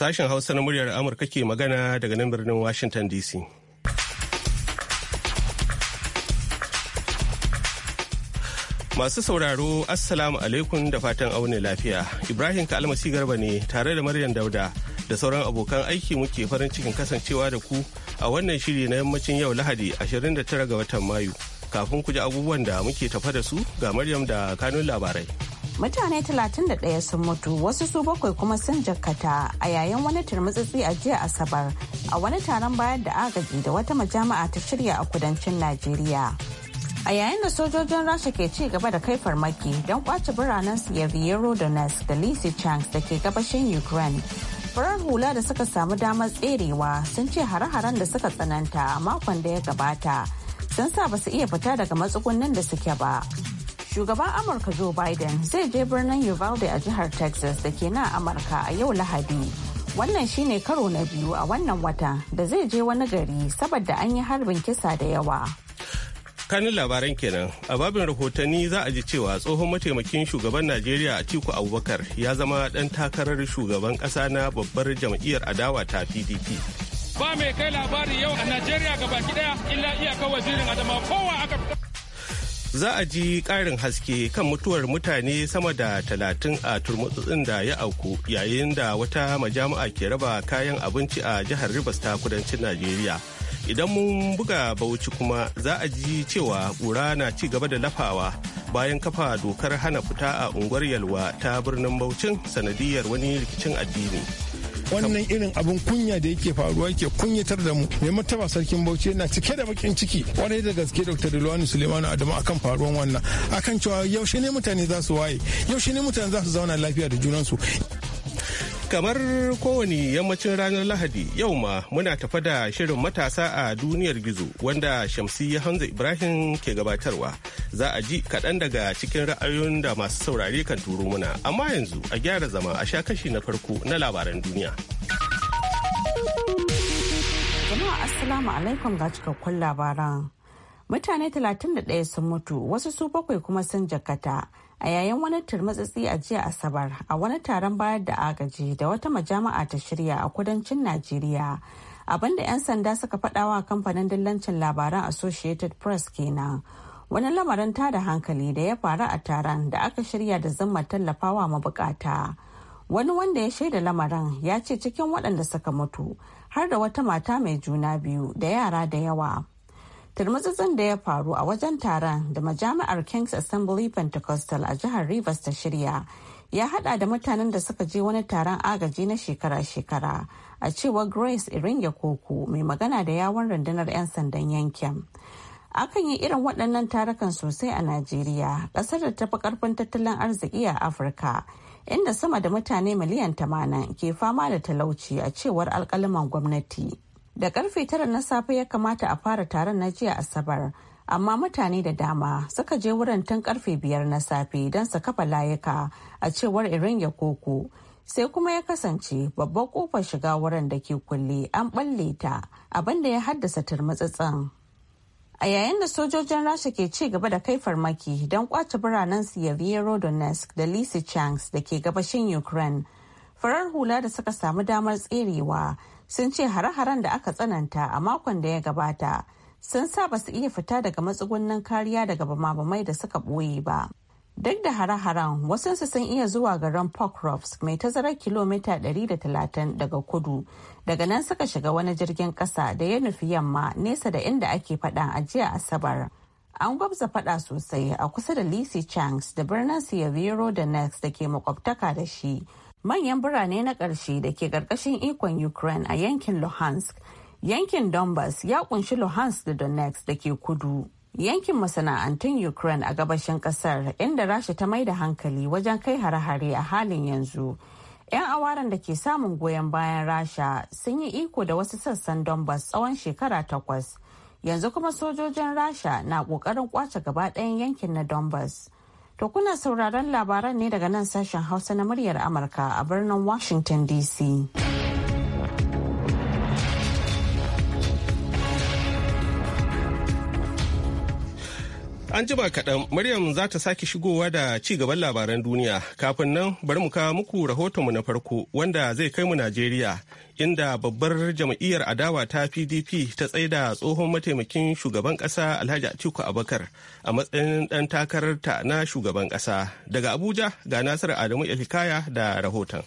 Sashen Hausa na muryar Amurka ke magana daga nan birnin Washington DC. Masu sauraro, Assalamu alaikum da fatan aune lafiya. Ibrahim Kalmasi Garba ne tare da Maryam Dauda da sauran abokan aiki muke farin cikin kasancewa da ku a wannan shiri na yammacin yau Lahadi 29 ga watan Mayu. Kafin ku ji abubuwan da muke tafa da su ga Maryam da kanun labarai. mutane 31 sun mutu wasu su bakwai kuma sun jakkata a yayin wani turmutsitsi a jiya asabar a wani taron bayar da agaji da wata majama'a ta shirya a kudancin najeriya a yayin da sojojin rasha ke ci gaba da kai farmaki don kwace biranen siyaviyero donetsk da lysychansk da ke gabashin ukraine farar hula da suka samu damar tserewa sun ce hare-haren da suka tsananta a makon da ya gabata sun sa ba su iya fita daga matsugunnin da suke ba shugaban amurka joe biden zai je birnin uvalde a jihar texas da ke nan amurka a yau lahadi wannan shine karo na biyu a wannan wata da zai je wani gari saboda an yi harbin kisa da yawa kanin labaran kenan a babin rahotanni za a ji cewa tsohon mataimakin shugaban najeriya a tiku abubakar ya zama dan takarar shugaban kasa na babbar jam'iyyar adawa ta pdp ba mai kai labari yau a najeriya gabaki daya illa iyakar wazirin adama kowa aka za a ji ƙarin haske kan mutuwar mutane sama da talatin a turmutsutsin da ya auku yayin da wata majami'a ke raba kayan abinci a jihar Rivers ta kudancin Najeriya. Idan mun buga bauchi kuma za a ji cewa ƙura na ci gaba da lafawa bayan kafa dokar hana fita a unguwar Yalwa ta birnin Bauchin sanadiyar wani rikicin addini. wannan irin abin kunya da yake faruwa yake kunyatar da mu mai mataba sarkin bauchi yana cike da bakin ciki wani da gaske dr dilwani suleimanu adamu akan faruwan wannan akan cewa yaushe ne mutane za su waye yaushe ne mutane za su zauna lafiya da junansu Kamar kowane yammacin ranar Lahadi yau ma muna tafa da shirin matasa a duniyar gizo wanda shamsi ya hanzu Ibrahim ke gabatarwa. Za a ji kaɗan daga cikin ra'ayoyin da masu saurari kan turo muna. Amma yanzu a gyara zama a sha kashi na farko na labaran duniya. Jama'a Assalamu alaikum ga cikakkun labaran. Mutane 31 sun mutu wasu su bakwai kuma sun jakata. a yayin wani turmutsitsi a jiya asabar a wani taron bayar da agaji da wata majama'a ta shirya a kudancin najeriya abinda 'yan sanda suka faɗawa kamfanin dillancin labaran associated press kenan wani lamarin tada hankali da ya faru a taron da aka shirya da zimmar tallafawa mabukata wani wanda ya shaida lamarin ya ce cikin waɗanda suka mutu har da wata mata mai juna biyu da yara da yawa turmutsutsun da ya faru a wajen taron da majami'ar king's assembly pentecostal a jihar rivers ta shirya ya hada da mutanen da suka je wani taron agaji na shekara-shekara a cewar grace iringa koko mai magana da yawon rundunar 'yan sandan yankin akan yi irin waɗannan tarukan sosai a najeriya ƙasar da tafi karfin tattalin arziki a afirka inda sama da mutane miliyan 80 ke fama da talauci a cewar alkaliman gwamnati da karfe tara na safe ya kamata a fara taron na jiya asabar amma mutane da dama suka je wurin tun karfe biyar na safe don su kafa layuka a cewar irin ya koko sai kuma ya kasance babban kofar shiga wurin da ke kulle an balle ta abinda ya haddasa turmutsutsun a yayin da sojojin rasha ke ci gaba da kai farmaki don kwace biranen siyaviyero donetsk da lisi da ke gabashin ukraine farar hula da suka samu damar tserewa sun ce hare-haren da aka tsananta a makon da ya gabata sun sa ba su iya fita daga matsugunnin kariya daga bama-bamai da suka ɓoye ba. Duk da hare-haren wasansu sun iya zuwa garin Pokrovsk mai tazarar kilomita 130 daga kudu. Daga nan suka shiga wani jirgin ƙasa da ya nufi yamma nesa da inda ake faɗa a jiya Asabar. An gwabza faɗa sosai a kusa da Lisi Changs da birnin Sierra da Nex da ke makwabtaka da shi. manyan birane na ƙarshe da ke ƙarƙashin ikon ukraine a yankin luhansk yankin donbass ya kunshi luhansk da donetsk da ke kudu yankin masana'antun ukraine a gabashin ƙasar inda rasha ta mai da hankali wajen kai hare-hare a halin yanzu 'yan awaren da ke samun goyon bayan rasha sun yi iko da wasu sassan donbass tsawon shekara takwas yanzu kuma sojojin rasha na ƙoƙarin kwace gaba ɗayan yankin na donbass To kuna sauraron labaran ne daga nan sashen Hausa na muryar Amurka a birnin Washington DC. An ba kaɗan Maryam za ta sake shigowa da ci gaban labaran duniya kafin nan bari mu kawo muku rahotonmu na farko wanda zai kai mu Najeriya inda babbar jam'iyyar adawa ta PDP ta tsaida tsohon mataimakin shugaban ƙasa Alhaji Atiku Abakar a matsayin ɗan takararta na shugaban ƙasa. Daga Abuja ga Nasiru Adamu Elikaya da rahoton.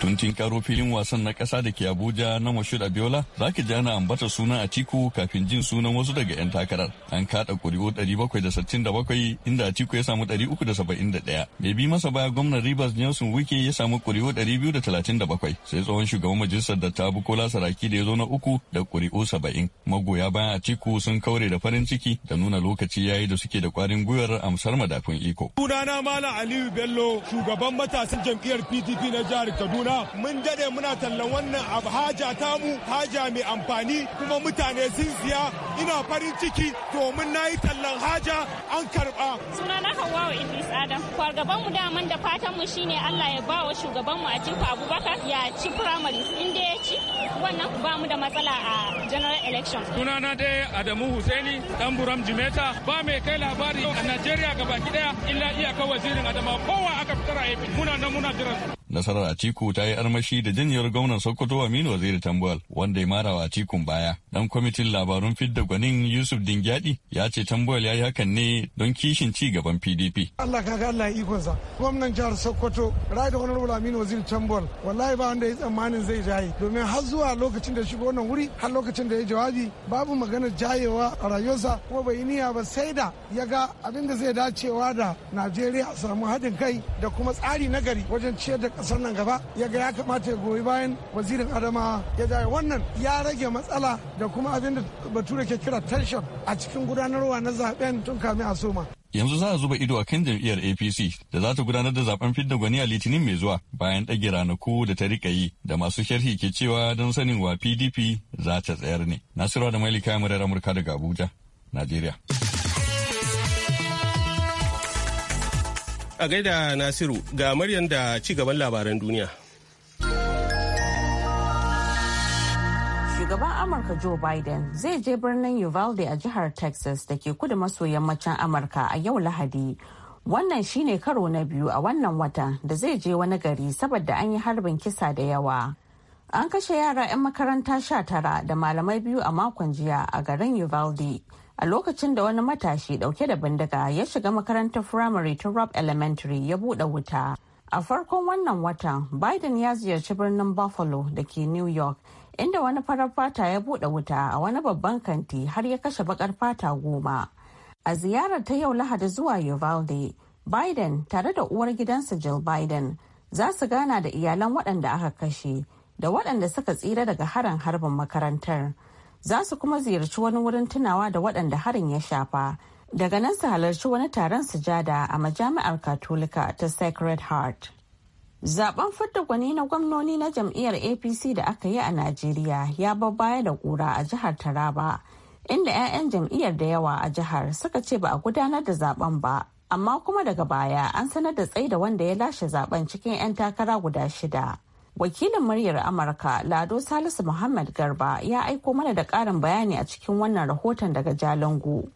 tuntun karo filin wasan na kasa da ke abuja na mashud abiola za ki ji ana ambata suna a tiku kafin jin sunan wasu daga 'yan takarar an kaɗa ƙuri'u 767 inda a tiku ya samu 371 mai bi masa baya gwamnan rivers nelson wike ya samu ƙuri'u 237 sai tsohon shugaban majalisar da ta bukola saraki da ya zo na uku da ƙuri'u 70 magoya bayan a tiku sun kaure da farin ciki da nuna lokaci yayi da suke da kwarin gwiwar amsar madafin iko sunana malam aliyu bello shugaban matasan jam'iyyar pdp na jihar kaduna kauna mun dade muna tallan wannan abu haja tamu haja mai amfani kuma mutane sun siya ina farin ciki domin na yi tallan haja an karba. sunana hawawa idris adam kwargaban mu daman da fatan mu shine allah ya bawa shugaban mu a cikin abubakar ya ci primary in dai ya ci wannan ba mu da matsala a general election. sunana dai adamu husaini dan buram jimeta ba mai kai labari a nigeria gaba daya illa iya iyaka wazirin adama kowa aka fitar a muna nan muna jiran Nasarar Atiku ta yi armashi da janyewar gwamnan Sokoto Aminu Waziri Tambuwal wanda ya mara wa Atikun baya. Dan kwamitin labarun fidda gwanin Yusuf Dingyadi ya ce Tambuwal ya yi hakan ne don kishin ci gaban PDP. Allah kaga Allah ikon ikonsa. Gwamnan jihar Sokoto Rai da Honorable Aminu Waziri Tambuwal wallahi ba wanda ya tsammanin zai jaye domin har zuwa lokacin da shiga wannan wuri har lokacin da ya jawabi babu maganar jayewa a rayuwarsa kuma bai yi niyya ba sai da ya ga abin da zai dacewa da Najeriya samu haɗin kai da kuma tsari na gari wajen ciyar da kasar nan gaba ya ga ya kamata ya goyi bayan wazirin adama ya jaye wannan ya rage matsala da kuma abin da bature ke kira tension a cikin gudanarwa na zaben tun kamin a soma yanzu za a zuba ido a kan jam'iyyar apc da za ta gudanar da zaben fidda gwani a litinin mai zuwa bayan ɗage ranaku da ta rika yi da masu sharhi ke cewa don sanin wa pdp za ta tsayar ne nasiru da mailika murar amurka daga abuja najeriya A gaida Nasiru ga Maryam da ci gaban labaran duniya. Shugaban Amurka Joe Biden zai je birnin Uvalde a jihar Texas da ke kudu maso yammacin Amurka a yau Lahadi. Wannan shine karo na biyu a wannan watan da zai je wani gari saboda an yi harbin kisa da yawa. An kashe yara 'yan makaranta sha tara da malamai biyu a makon jiya a garin Uvalde. a lokacin da wani matashi dauke da bindiga ya shiga makarantar firamare ta Rob Elementary ya bude wuta. A farkon wannan watan, Biden ya ziyarci birnin Buffalo da ke New York, inda wani farar fata ya bude wuta a wani babban kanti har ya kashe bakar fata goma. A ziyarar ta yau Lahadi zuwa Uvalde, Biden tare da uwar gidansa Jill Biden za su gana da iyalan waɗanda aka kashe da waɗanda suka tsira daga harin harbin makarantar. za su kuma ziyarci wani wurin tunawa da waɗanda harin ya shafa daga nan su halarci wani taron sujada a majami'ar katolika ta sacred heart zaben fidda gwani na gwamnoni na jam'iyyar apc da aka yi a najeriya ya baya da kura a jihar taraba inda 'ya'yan jam'iyyar da yawa a jihar suka ce ba a gudanar da zaben ba amma kuma daga baya an sanar da tsaida wanda ya lashe zaben cikin 'yan takara guda shida Wakilin muryar Amurka Lado Salisu Muhammad Garba ya aiko mana da karin bayani a cikin wannan rahoton daga Jalingo.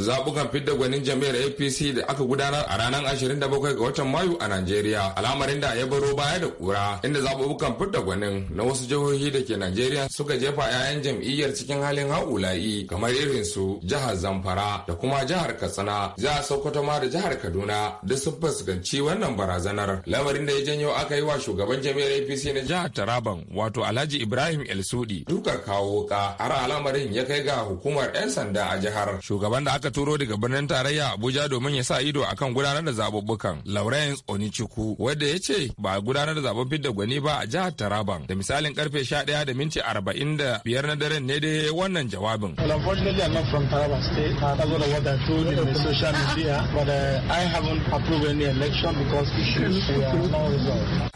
zabukan fidda gwanin jami'ar apc da aka gudanar a ranar 27 ga watan mayu a najeriya al'amarin da ya baro baya da kura inda zabukan fidda gwanin na wasu jihohi da ke najeriya suka jefa 'ya'yan jam'iyyar cikin halin ha'ulayi kamar irin su jihar zamfara da kuma jihar katsina jihar sokoto ma da jihar kaduna duk sun fuskanci wannan barazanar lamarin da ya janyo aka yi wa shugaban jami'ar apc na jihar taraban wato alhaji ibrahim el sudi dukar kawo ka har al'amarin ya kai ga hukumar 'yan sanda a jihar shugaban da aka aka turo daga birnin tarayya Abuja domin ya sa ido akan gudanar da zabubbukan. laurence Onichukwu wanda ya ce ba a gudanar da zaben fidda gwani ba a jihar Taraban. Da misalin karfe 11 da minti biyar na daren ne dai wannan jawabin. unfortunately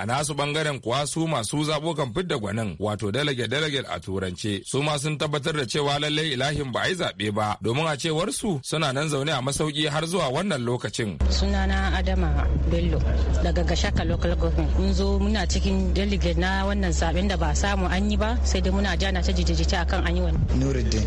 A nasu bangaren kuwa su masu zabukan fidda gwanin wato delegate delegate a turance su sun tabbatar da cewa lallai ilahin ba a yi zaɓe ba domin a cewar su su suna nan zaune a masauki har zuwa wannan lokacin. Sunana Adama Bello daga Gashaka Local Government. Mun zo muna cikin delegate na wannan zaben da ba samu an yi ba sai dai muna jana ta jijijita akan an yi wani. Nuruddin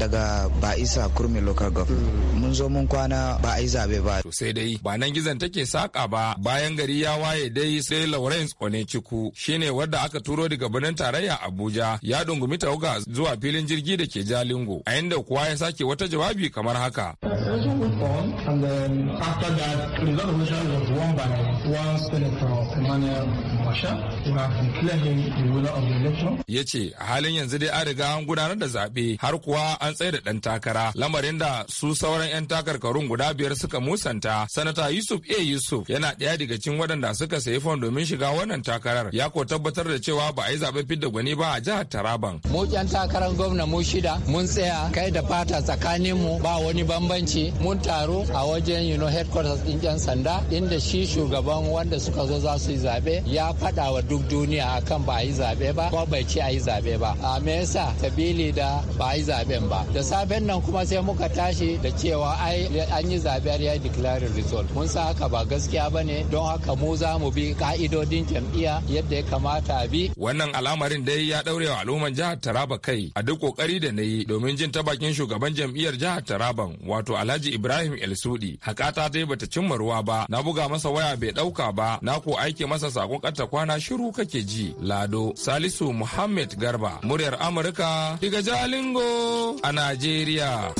daga Ba'isa Kurmi Local Government. Mun zo mun kwana ba a yi zabe ba. To sai dai ba nan gizon take saka ba bayan gari ya waye dai sai Lawrence Onechiku shine wadda aka turo daga birnin tarayya Abuja ya dungumi tawaga zuwa filin jirgi da ke Jalingo a inda kuwa ya sake wata jawabi kamar kamar haka. went on, and then after that, the result of was won by one senator, Emmanuel Masha, who has declared him the winner of the election. Ya ce, halin yanzu dai an riga an gudanar da zaɓe har kuwa an tsai da ɗan takara, lamarin da su sauran 'yan takarkarun guda biyar suka musanta. Sanata Yusuf A. Yusuf yana ɗaya daga cikin waɗanda suka sayi fon domin shiga wannan takarar. Ya ko tabbatar da cewa ba a yi zaɓen fidda gwani ba a jihar Taraban. Mu 'yan takarar gwamna mu shida mun tsaya kai da fata tsakanin mu ba wani bambanci mun taru a wajen you know headquarters din yan sanda inda shi shugaban wanda suka zo za su yi zaɓe ya faɗa wa duk duniya akan ba a yi zabe ba ko bai ce ayi yi zabe ba a me yasa kabili da ba a yi zaben ba da safen nan kuma sai muka tashi da cewa ai an yi zabe ya declare result mun sa haka ba gaskiya ne don haka mu za mu bi ka'idodin jam'iyya yadda ya kamata a bi wannan al'amarin dai ya daure wa al'umman jihar Taraba kai a duk kokari da na yi domin jin ta bakin shugaban jam'iyyar jihar Taraban wato Alhaji Alhaji Ibrahim Elsudi. Sudi hakata dai bata cimma ruwa ba na buga masa waya bai ɗauka ba na ko aike masa sakon ƙarta kwana shiru kake ji Lado Salisu Muhammad Garba muryar Amurka daga Jalingo a Najeriya.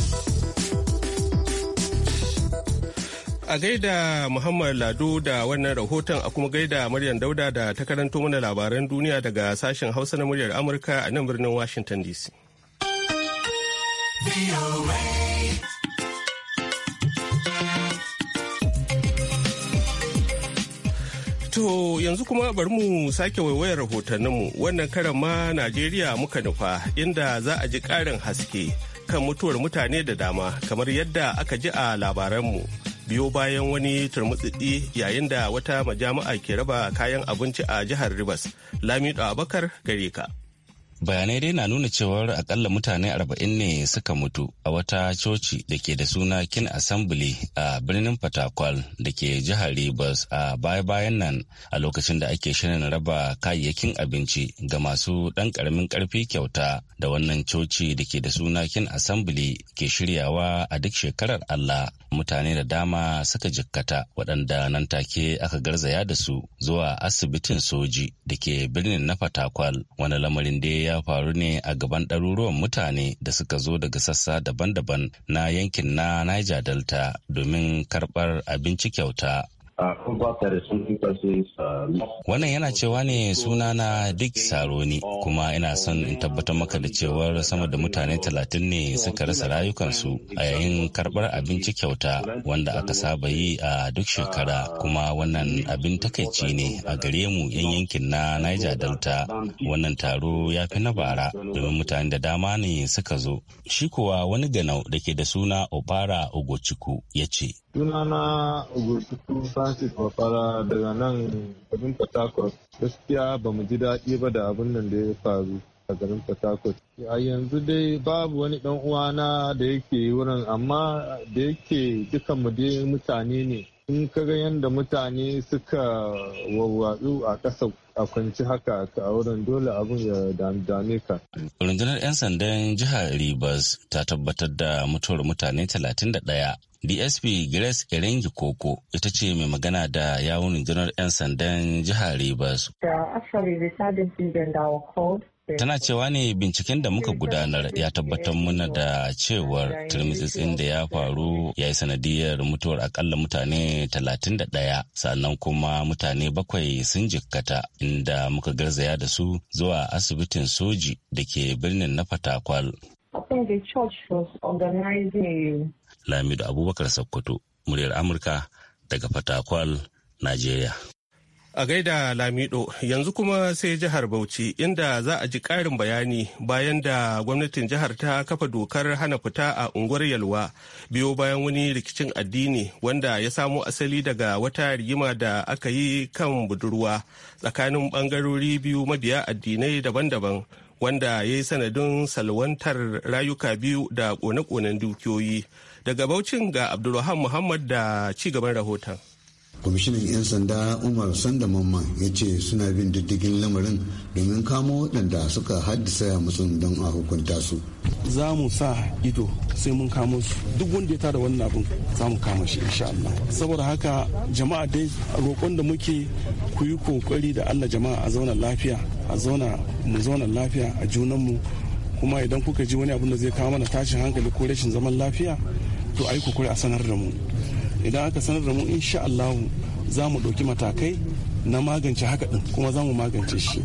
A gaida Muhammad Lado da wannan rahoton a kuma gaida Maryam Dauda da ta karanto mana labaran duniya daga sashen Hausa na muryar Amurka a nan birnin Washington DC. To yanzu kuma bari mu sake waiwayar rahotanninmu wannan karan ma Najeriya muka nufa inda za a ji ƙarin haske kan mutuwar mutane da dama kamar yadda aka ji a labaranmu. Biyo bayan wani turmutsitsi yayin da wata majami'a ke raba kayan abinci a jihar Rivers, Lamido Abakar gare ka. bayanai dai na nuna cewar akalla mutane 40 ne suka mutu a wata coci da ke da suna kin assembly a birnin fatakwal da ke jihar rivers a baya-bayan nan a lokacin da ake shirin raba kayayyakin abinci ga masu ɗan ƙaramin ƙarfi kyauta da wannan coci da ke da suna kin assembly ke shiryawa a duk shekarar allah mutane da dama suka jikkata waɗanda nan take aka garzaya da su zuwa asibitin soji da ke birnin na fatakwal wani lamarin da ya faru ne a gaban ɗaruruwan mutane da suka zo daga sassa daban-daban na yankin na niger delta domin karɓar abinci kyauta Wannan yana cewa ne suna na Dick Saroni kuma ina son in tabbatar maka da cewar sama da mutane talatin ne suka rasa rayukansu a yayin karɓar abinci kyauta wanda aka saba yi a duk shekara kuma wannan abin takaici ne a gare mu 'yan yankin na Niger Delta wannan taro ya fi na bara domin mutane da dama ne suka zo. Shi kuwa wani ganau da ke da suna Obara Ogochiku ya ce. Sunana Ogochiku Francis fara daga nan abin Port Gaskiya ba mu ji daɗi ba da abin nan da ya faru a garin Fatakos A yanzu dai babu wani ɗan uwana da yake wurin amma da yake dukan mu dai mutane ne in ka ga yadda mutane suka wawwatsu a ƙasa a kwanci haka a wurin dole abin ya dame ka. rundunar 'yan sandan jihar rivers ta tabbatar da mutuwar mutane 31 dsp grace erengi koko ita ce mai magana da yawun rundunar 'yan sandan jihar rivers. Tana cewa ne binciken da muka gudanar ya tabbatar muna da cewar turmitsitsin da ya faru ya yi sanadiyar mutuwar akalla mutane 31 sannan kuma mutane bakwai sun jikkata inda muka garzaya da su zuwa asibitin soji da ke birnin na fatakwal. Lamidu Abubakar Sokoto, muryar Amurka daga fatakwal, Najeriya. A gaida Lamido yanzu kuma sai jihar Bauchi inda za a ji ƙarin bayani bayan da gwamnatin jihar ta kafa dokar hana fita a unguwar Yalwa biyo bayan wani rikicin addini wanda ya samo asali daga wata rigima da aka yi kan budurwa tsakanin ɓangarori biyu mabiya addinai daban-daban wanda ya yi sanadin salwantar rayuka biyu da kone-konen dukiyoyi. Daga Baucin ga Abdulrahman Muhammad da ci gaban rahoton. kwamishinan 'yan sanda umar sanda mamma ya ce suna bin diddigin lamarin domin kamo waɗanda suka haddasa mutum don a hukunta su za mu sa ido sai mun kamo su duk wanda ya tada wannan abin za mu kama shi insha Allah saboda haka jama'a dai roƙon da muke ku yi kokari da Allah jama'a a zauna lafiya a zauna mu zauna lafiya a junanmu kuma idan kuka ji wani abin da zai kawo mana tashin hankali ko rashin zaman lafiya to ai kokari a sanar da mu idan aka sanar da mu insha Allah za mu ɗauki matakai na magance haka ɗin kuma za mu magance shi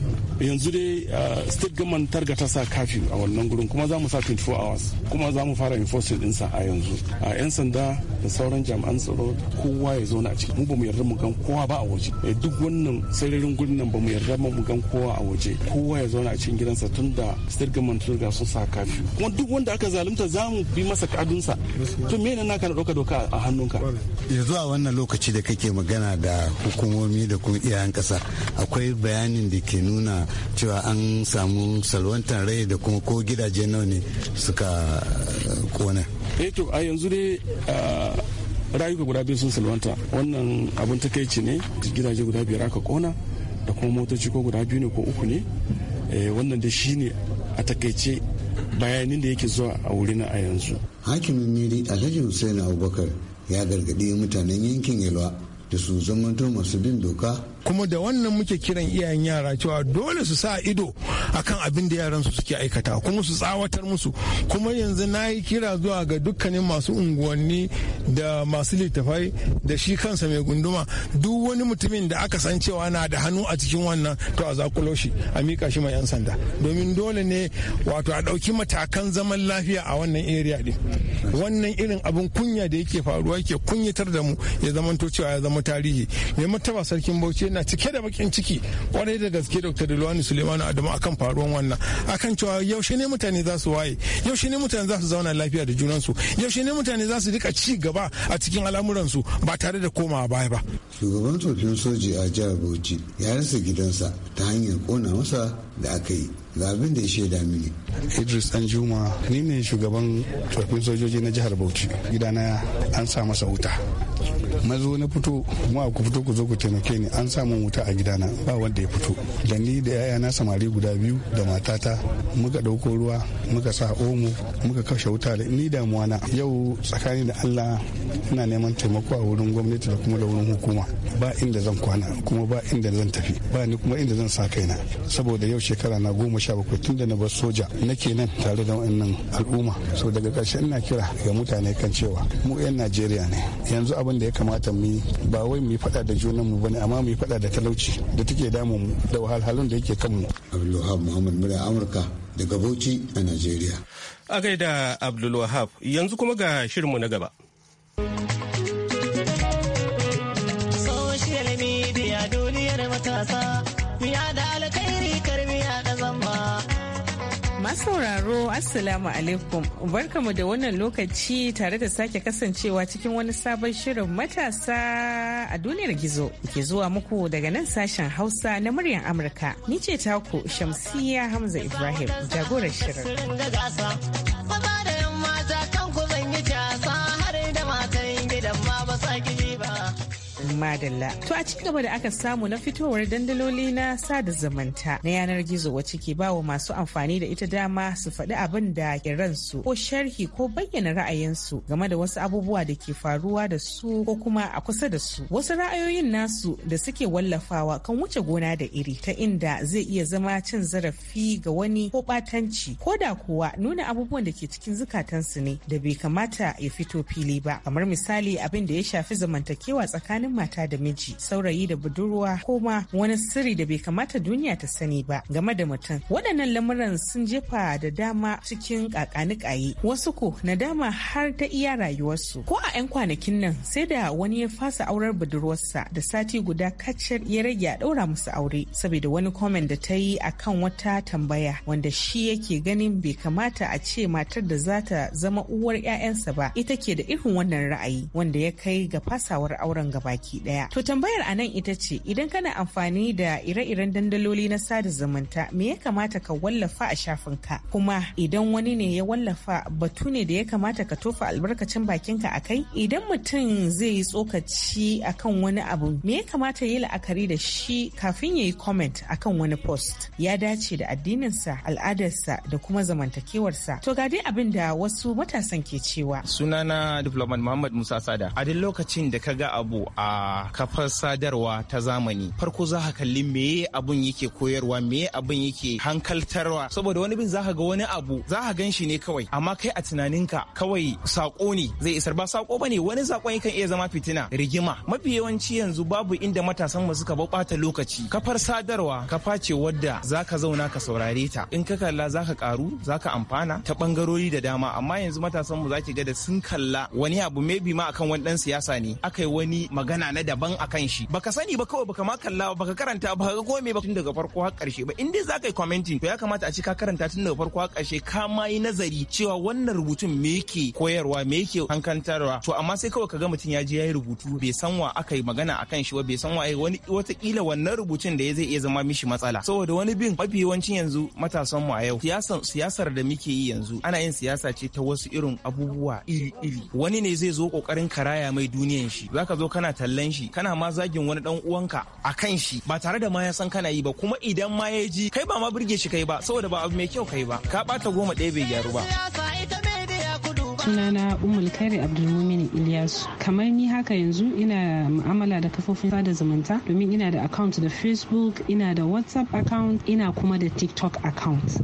yanzu dai uh, state government targa ta sa kafi a wannan gurin kuma za mu sa 24 hours kuma za mu fara enforcement ɗinsa a yanzu a 'yan sanda da sauran jami'an tsaro kowa ya zauna a ciki mu ba mu yarda mu gan kowa ba a waje eh, duk wannan sararin gurin nan ba mu yarda mu gan kowa a waje kowa ya zauna a cikin gidansa tun da state government sun riga sun sa kafi kuma duk wanda aka zalunta za mu bi masa kadunsa to me ne naka na ɗauka doka a hannunka yanzu a wannan lokaci da kake magana da hukumomi da kuma iyayen ƙasa akwai bayanin da ke nuna cewa an samu salwantar rai da kuma ko gidaje nawa ne suka uh, kona eh to a yanzu dai uh, rayuka guda biyu sun salwanta wannan abin takaici ne gidaje guda biyar aka kona da kuma motoci ko guda biyu ne ko uku ne eh, wannan da shi ne a takaice bayanin da yake zuwa a wuri na a yanzu hakimin miri alhaji hussein abubakar ya gargaɗi mutanen yankin yalwa da su zamanto masu bin doka kuma da wannan muke kiran iyayen yara cewa dole su sa ido akan abin da yaran su suke aikata kuma su tsawatar musu kuma yanzu na yi kira zuwa ga dukkanin masu unguwanni da masu littafai da shi kansa mai gunduma duk wani mutumin da aka san cewa na da hannu a cikin wannan to a zakulo shi a mika shi ma 'yan sanda domin dole ne wato a ɗauki matakan zaman lafiya a wannan area din wannan irin abin kunya da yake faruwa yake kunyatar da mu ya zamanto cewa ya zama tarihi mai mataba sarkin bauchi na cike da bakin ciki kwarai da gaske dr dilwani suleiman adamu akan faruwan wannan akan cewa yaushe ne mutane za su waye yaushe ne mutane za su zauna lafiya da junansu yaushe ne mutane za su rika ci gaba a cikin al'amuransu ba tare da komawa baya ba shugaban tsofin soji a jihar bauchi ya rasa gidansa ta hanyar kona masa da aka yi ga abin da ya shaida mini idris danjuma ni ne shugaban tsoffin sojoji na jihar bauchi gidana an sa masa wuta mazo na fito kuma ku fito ku zo ku taimake ni an samu wuta a gidana ba wanda ya fito da ni da yaya na samari guda biyu da matata muka dauko ruwa muka sa omo muka kashe wuta da ni damuwa na yau tsakanin da Allah ina neman taimako a wurin gwamnati da kuma da wurin hukuma ba inda zan kwana kuma ba inda zan tafi ba ni kuma inda zan sa kaina saboda yau shekara na goma sha bakwai tun da na bar soja nake nan tare da wannan al'umma so daga karshe ina kira ga mutane kan cewa mu 'yan najeriya ne yanzu abin da ya kamata mu ba wai mu faɗa da junan mu bane amma mu faɗa da talauci da take damun mu da wahalhalun da yake kanmu abdulwahab muhammad murya amurka daga bauchi a najeriya a gaida abdulwahab yanzu kuma ga shirinmu na gaba sauraro Assalamu alaikum barkamu da wannan lokaci tare da sake kasancewa cikin wani sabon shirin matasa a duniyar gizo ke zuwa muku daga nan sashen Hausa na muryar Amurka. Ni ce taku Shamsiya Hamza Ibrahim jagorar shirin. madalla. To a cikin gaba da aka samu na fitowar dandaloli na sada zumunta na yanar gizo wacce ke ba wa masu amfani da ita dama su faɗi abin da ke ransu ko sharhi ko bayyana ra'ayinsu game da wasu abubuwa da ke faruwa da su ko kuma a kusa da su. Wasu ra'ayoyin nasu da suke wallafawa kan wuce gona da iri ta inda zai iya zama cin zarafi ga wani ko ɓatanci ko da kuwa nuna abubuwan da ke cikin zukatansu ne da bai kamata ya fito fili ba kamar misali abin da ya shafi zamantakewa tsakanin mata da miji saurayi da budurwa ko ma wani sirri da bai kamata duniya ta sani ba game da mutum waɗannan lamuran sun jefa da dama cikin kakanikaye wasu ko na dama har ta iya rayuwarsu ko a 'yan kwanakin nan sai da wani ya fasa aurar budurwarsa da sati guda kacar ya rage a ɗaura musu aure saboda wani komen da ta yi akan wata tambaya wanda shi yake ganin bai kamata a ce matar da za ta zama uwar 'ya'yansa ba ita ke da irin wannan ra'ayi wanda ya kai ga fasawar auren gabaki ɗaya daya. To tambayar a nan ita ce idan kana amfani da ire-iren dandaloli na sada zumunta me ya kamata ka wallafa a shafin ka kuma idan wani ne ya wallafa batu ne da ya kamata ka tofa albarkacin bakinka a kai idan mutum zai yi tsokaci akan wani abu me ya kamata ya yi la'akari da shi kafin ya yi comment akan wani post ya dace da addininsa al'adarsa da kuma zamantakewarsa to ga dai abin da wasu matasan ke cewa sunana diplomat muhammad musa sada a duk lokacin da ka ga abu a kafar sadarwa ta zamani farko za ka kalli meye abun yake koyarwa meye abun yake hankaltarwa saboda wani bin za ka ga wani abu za ka gan shi ne kawai amma kai a tunaninka kawai sako ne zai isar ba sako ba ne wani sakon yakan iya zama fitina rigima mafi yawanci yanzu babu inda matasan mu suka bata lokaci kafar sadarwa kafa ce wadda zaka zauna ka saurare ta in ka kalla zaka karu zaka amfana ta bangarori da dama amma yanzu matasan mu zaki ga da sun kalla wani abu maybe ma akan wani dan siyasa ne akai wani magana na daban akan shi baka sani ba kawai baka ma kalla baka karanta ba ka gome ba tun daga farko har karshe ba in dai za ka yi commenting to ya kamata a ce ka karanta tun daga farko har karshe ka ma yi nazari cewa wannan rubutun me yake koyarwa me yake hankantarwa to amma sai kawai ka ga mutum ya je ya yi rubutu bai san wa aka yi magana a kan shi ba bai san wa wani watakila wannan rubutun da ya zai iya zama mishi matsala saboda wani bin mafi yawancin yanzu matasan mu a yau siyasar da muke yi yanzu ana yin siyasa ce ta wasu irin abubuwa iri-iri wani ne zai zo kokarin karaya mai duniyan shi zaka zo kana talla tallan shi kana ma zagin wani dan uwanka a kan shi ba tare da ma ya san kana yi ba kuma idan ma ya ji kai ba ma burge shi kai ba saboda ba abu mai kyau kai ba ka bata goma ɗaya bai gyaru ba sunana umul kare abdulmumin ilyasu kamar ni haka yanzu ina mu'amala da kafofin sada zumunta domin ina da account da facebook ina da whatsapp account ina kuma da tiktok account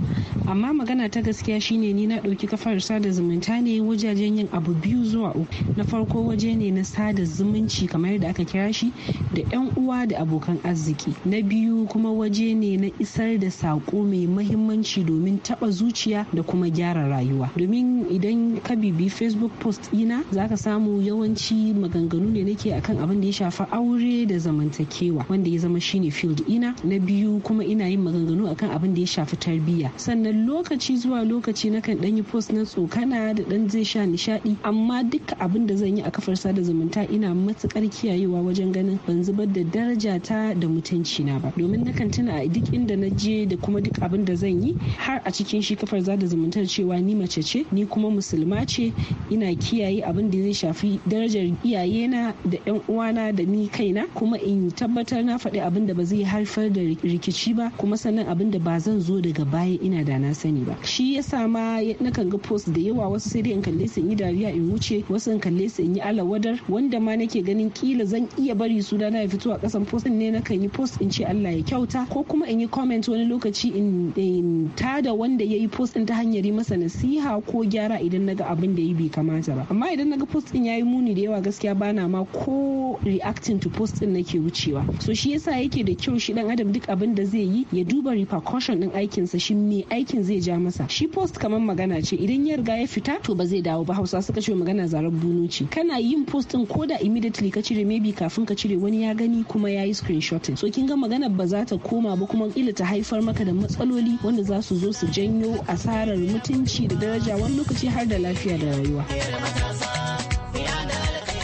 amma magana ta gaskiya shine ni na ɗauki kafar sada zumunta ne wajajen yin abu biyu zuwa uku na farko waje ne na sada zumunci kamar yadda aka kira shi da yan uwa da abokan arziki na biyu kuma waje ne na isar da saƙo mai mahimmanci domin taba zuciya da kuma gyara rayuwa domin idan ka bibi facebook post ina zaka samu yawanci maganganu ne nake akan abin da ya shafa aure da zamantakewa wanda ya zama shine field ina na biyu kuma ina yin maganganu akan abin da ya shafi tarbiyya sannan lokaci zuwa lokaci nakan dan yi post na tsokana da dan zai sha nishadi amma duka abin da zan yi a kafar sada zumunta ina matukar kiyayewa wajen ganin ban zubar da daraja ta da mutunci na ba domin na kan tuna a duk inda na je da kuma duk abin da zan yi har a cikin shi kafar sada zumuntar cewa ni mace ce ni kuma musulma ce ce ina kiyaye abin da zai shafi darajar iyayena da yan uwana da ni kaina kuma in tabbatar na faɗi abin da ba zai haifar da rikici ba kuma sannan abin da ba zan zo daga baya ina da na sani ba shi ya yasa ma nakan ga post da yawa wasu sai dai in kalle su in yi dariya in wuce wasu in kalle su in yi alawadar wanda ma nake ganin kila zan iya bari su da na ya fito a kasan post ne nakan yi post in ce Allah ya kyauta ko kuma in yi comment wani lokaci in tada wanda ya yi post ta hanyar yi masa nasiha ko gyara idan naga abin abin da ya bai kamata ba amma idan naga post din yayi muni da yawa gaskiya bana ma ko reacting to post din nake wucewa so shi yasa yake da kyau shi dan adam duk abin da zai yi ya duba repercussion din aikinsa shi me aikin zai ja masa shi post kamar magana ce idan ya riga ya fita to ba zai dawo ba hausa suka ce magana zarar bunuci kana yin post din da immediately ka cire maybe kafin ka cire wani ya gani kuma yayi screenshotting so kin ga magana ba za ta koma ba kuma kila ta haifar maka da matsaloli wanda za su zo su janyo asarar mutunci da daraja wani lokaci har da lafiya lafiya da rayuwa.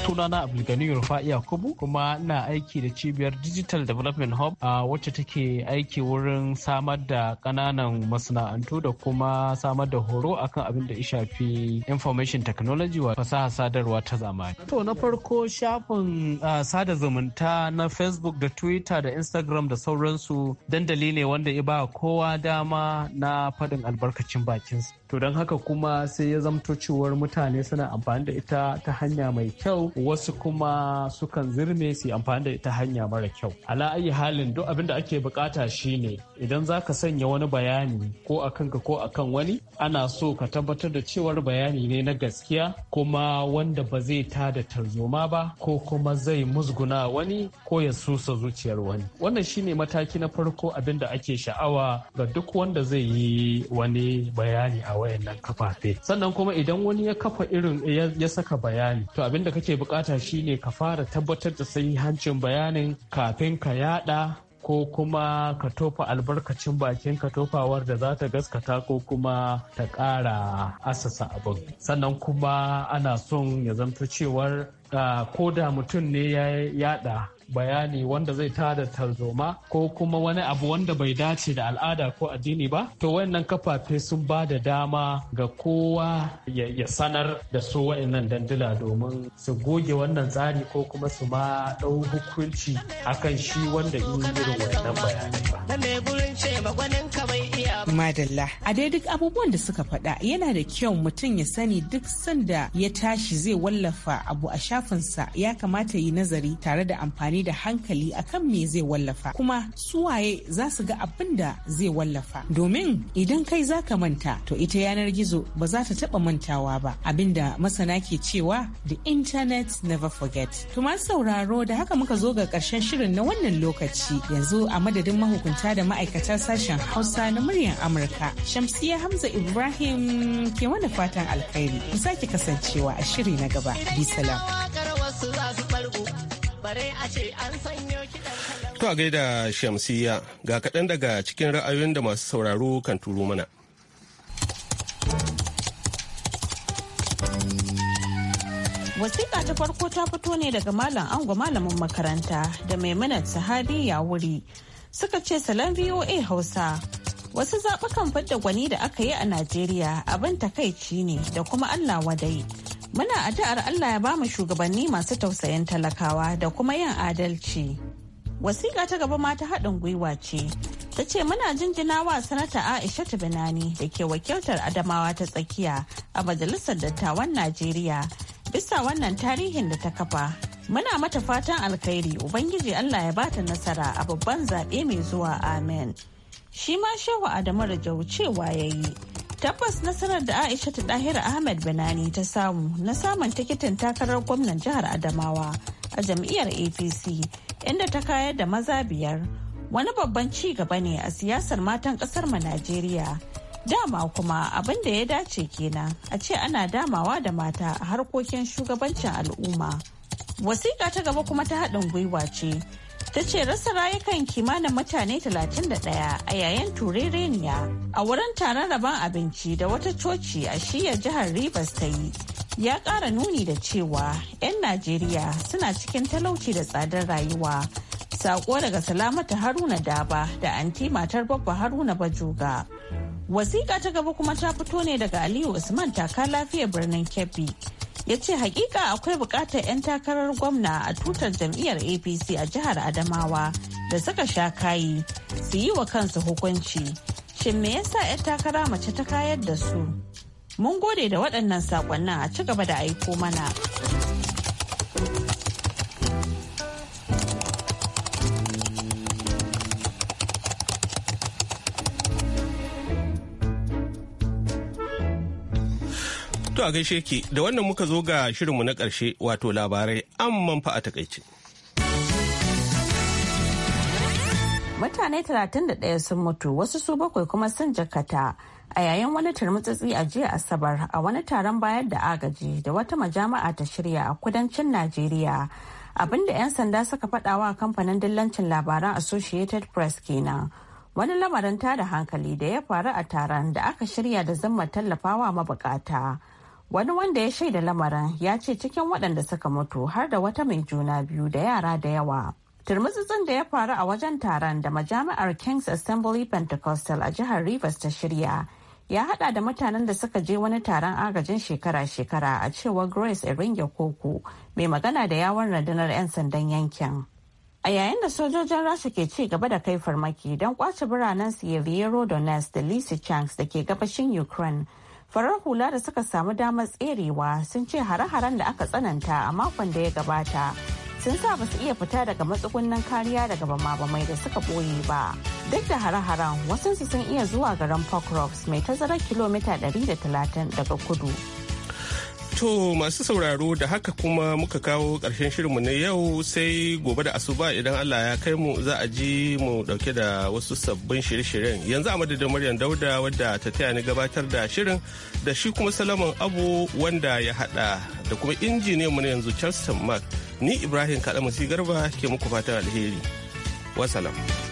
sunana abdulgani rufa'i yakubu kuma na aiki da cibiyar digital development hub a wacce take aiki wurin samar da kananan masana'antu da kuma samar da horo akan abin da shafi information technology wa fasaha sadarwa ta zamani to na farko shafin sada zumunta na facebook da twitter da instagram da sauransu dandali ne wanda ya ba kowa dama na faɗin albarkacin bakinsu. to don haka kuma sai ya zamto cewar mutane suna amfani da ita ta hanya mai kyau wasu kuma sukan zirme su amfani da ita hanya mara kyau ala ayi halin duk abin da ake bukata shine idan za ka sanya wani bayani ko a kanka ko a kan wani ana so ka tabbatar da cewar bayani ne na gaskiya kuma wanda ba zai ta da tarzoma ba ko kuma zai musguna wani ko ya susa zuciyar wani wannan shine mataki na farko abin da ake sha'awa ga duk wanda zai yi wani bayani a wayannan kafafe sannan kuma idan wani ya kafa irin ya saka bayani to abin da kake bukata shine ka fara tabbatar da hancin bayanin kafin ka yada ko kuma ka tofa albarkacin bakin ka tofawar da za ta gaskata ko kuma ta ƙara asasa abin sannan kuma ana son ya zamto cewar Ah, ko da mutum ne ya yada bayani wanda zai tada tarzoma ko kuma wani abu wanda bai dace da al'ada ko addini ba to wayannan kafafe sun ba da dama ga kowa ya sanar da su wayannan dandula domin su goge wannan tsari ko kuma su ma dau hukunci akan shi wanda in irin wannan bayani ba. Madalla. A dai duk abubuwan da suka faɗa yana da kyau mutum ya sani duk sanda ya tashi zai wallafa abu a shafinsa ya kamata yi nazari tare da amfani da hankali akan me zai wallafa kuma suwaye za su ga abin da zai wallafa. Domin idan kai za ka manta to ita yanar gizo ba za ta taɓa mantawa ba abinda masana ke cewa the internet never forget. To sauraro da haka muka zo ga ƙarshen shirin na wannan lokaci yanzu a madadin mahukunta da ma'aikatar sashen Hausa na murya muryar Amurka. shamsiyya Hamza Ibrahim ke wani fatan alkhairi. Ku sake kasancewa a shiri na gaba. Bisalam. To a gaida Shamsiya ga kaɗan daga cikin ra'ayoyin da masu sauraro kan turo mana. wasiƙa ta farko ta fito ne daga malam ango malamin makaranta da maimunat sahari ya wuri suka ce salon voa hausa wasu zabukan fadda gwani da aka yi a najeriya abin takaici ne da kuma allah wadai muna addu'ar allah ya ba mu shugabanni masu tausayin talakawa da kuma yin adalci wasiƙa ta gaba mata haɗin gwiwa ce ta ce muna jinjina wa sanata aisha binani da ke wakiltar adamawa ta tsakiya a majalisar dattawan najeriya bisa wannan tarihin da ta kafa Muna mata fatan alkhairi Ubangiji Allah ya bata nasara a babban zaɓe mai zuwa Amen. shi ma shehu adamu rajau cewa ya yi tabbas nasarar da aisha ta dahira ahmed binani ta samu na samun tikitin takarar gwamnan jihar adamawa a jam'iyyar apc inda ta kaya da maza biyar wani babban ci gaba ne a siyasar matan kasar mu najeriya dama kuma abin da ya dace kenan a ce ana damawa da mata a harkokin shugabancin al'umma wasiƙa ta gaba kuma ta haɗin gwiwa ce ta ce rasa rayukan kimanin mutane 31 a yayin turereniya a wurin taron rabon abinci da wata coci a shiyar jihar Rivers ta yi ya kara nuni da cewa 'yan Najeriya suna cikin talauci da tsadar rayuwa. Sako daga salamata Haruna Daba da anti matar babba Haruna Bajuga. Wasiƙa ta gaba kuma ta fito ne daga Aliyu Usman taka lafiyar birnin Kebbi. ya ce hakika akwai bukatar 'yan takarar gwamna a tutar jam'iyyar apc a jihar adamawa da suka sha kayi su yi wa kansu hukunci shin me yasa 'yan takara mace ta kayar da su mun gode da waɗannan saƙonnin a ci gaba da aiko mana. To a gaishe ki da wannan muka zo ga shirinmu na ƙarshe wato labarai amman fa a takaice. Mutane 31 sun mutu wasu su bakwai kuma sun jakata a yayin wani turmutsatsi a jiya Asabar a wani taron bayar da agaji da wata majama'a ta shirya a kudancin Najeriya. Abinda 'yan sanda suka faɗawa kamfanin dillancin labaran Associated Press kenan. wani lamarin tada hankali da ya faru a taron da aka shirya da zama tallafawa mabukata Wani wanda ya shaida lamarin ya ce cikin waɗanda suka mutu har da wata mai juna biyu da yara da yawa. Turmutsutsun da ya faru a wajen taron da majami'ar King's Assembly Pentecostal a jihar Rivers ta shirya ya hada da mutanen da suka je wani taron agajin shekara-shekara a cewar Grace Iringe Koko mai magana da yawon rundunar 'yan sandan yankin. A yayin da sojojin Rasha ke ci gaba da kai farmaki don kwace biranen Sierra Donetsk da chanks da ke gabashin Ukraine farar hula da suka samu damar tserewa sun ce hare-haren da aka tsananta a makon da ya gabata sun sa ba su iya fita daga matsugunan kariya daga bama mai da suka boye ba duk da hare-haren wasansu sun iya zuwa garin rock mai tazarar kilomita 130 daga kudu To masu sauraro da haka kuma muka kawo ƙarshen shirinmu na yau sai gobe da asuba idan Allah ya kai mu za a ji mu dauke da wasu sabbin shirye-shiryen. Yanzu a madadin Maryam Dauda wadda ta taya ni gabatar da shirin da shi kuma Salaman Abu wanda ya haɗa da kuma mu na yanzu Charleston Mark. Ni Ibrahim Kalamasi Garba ke muku fatan alheri. Wasalam.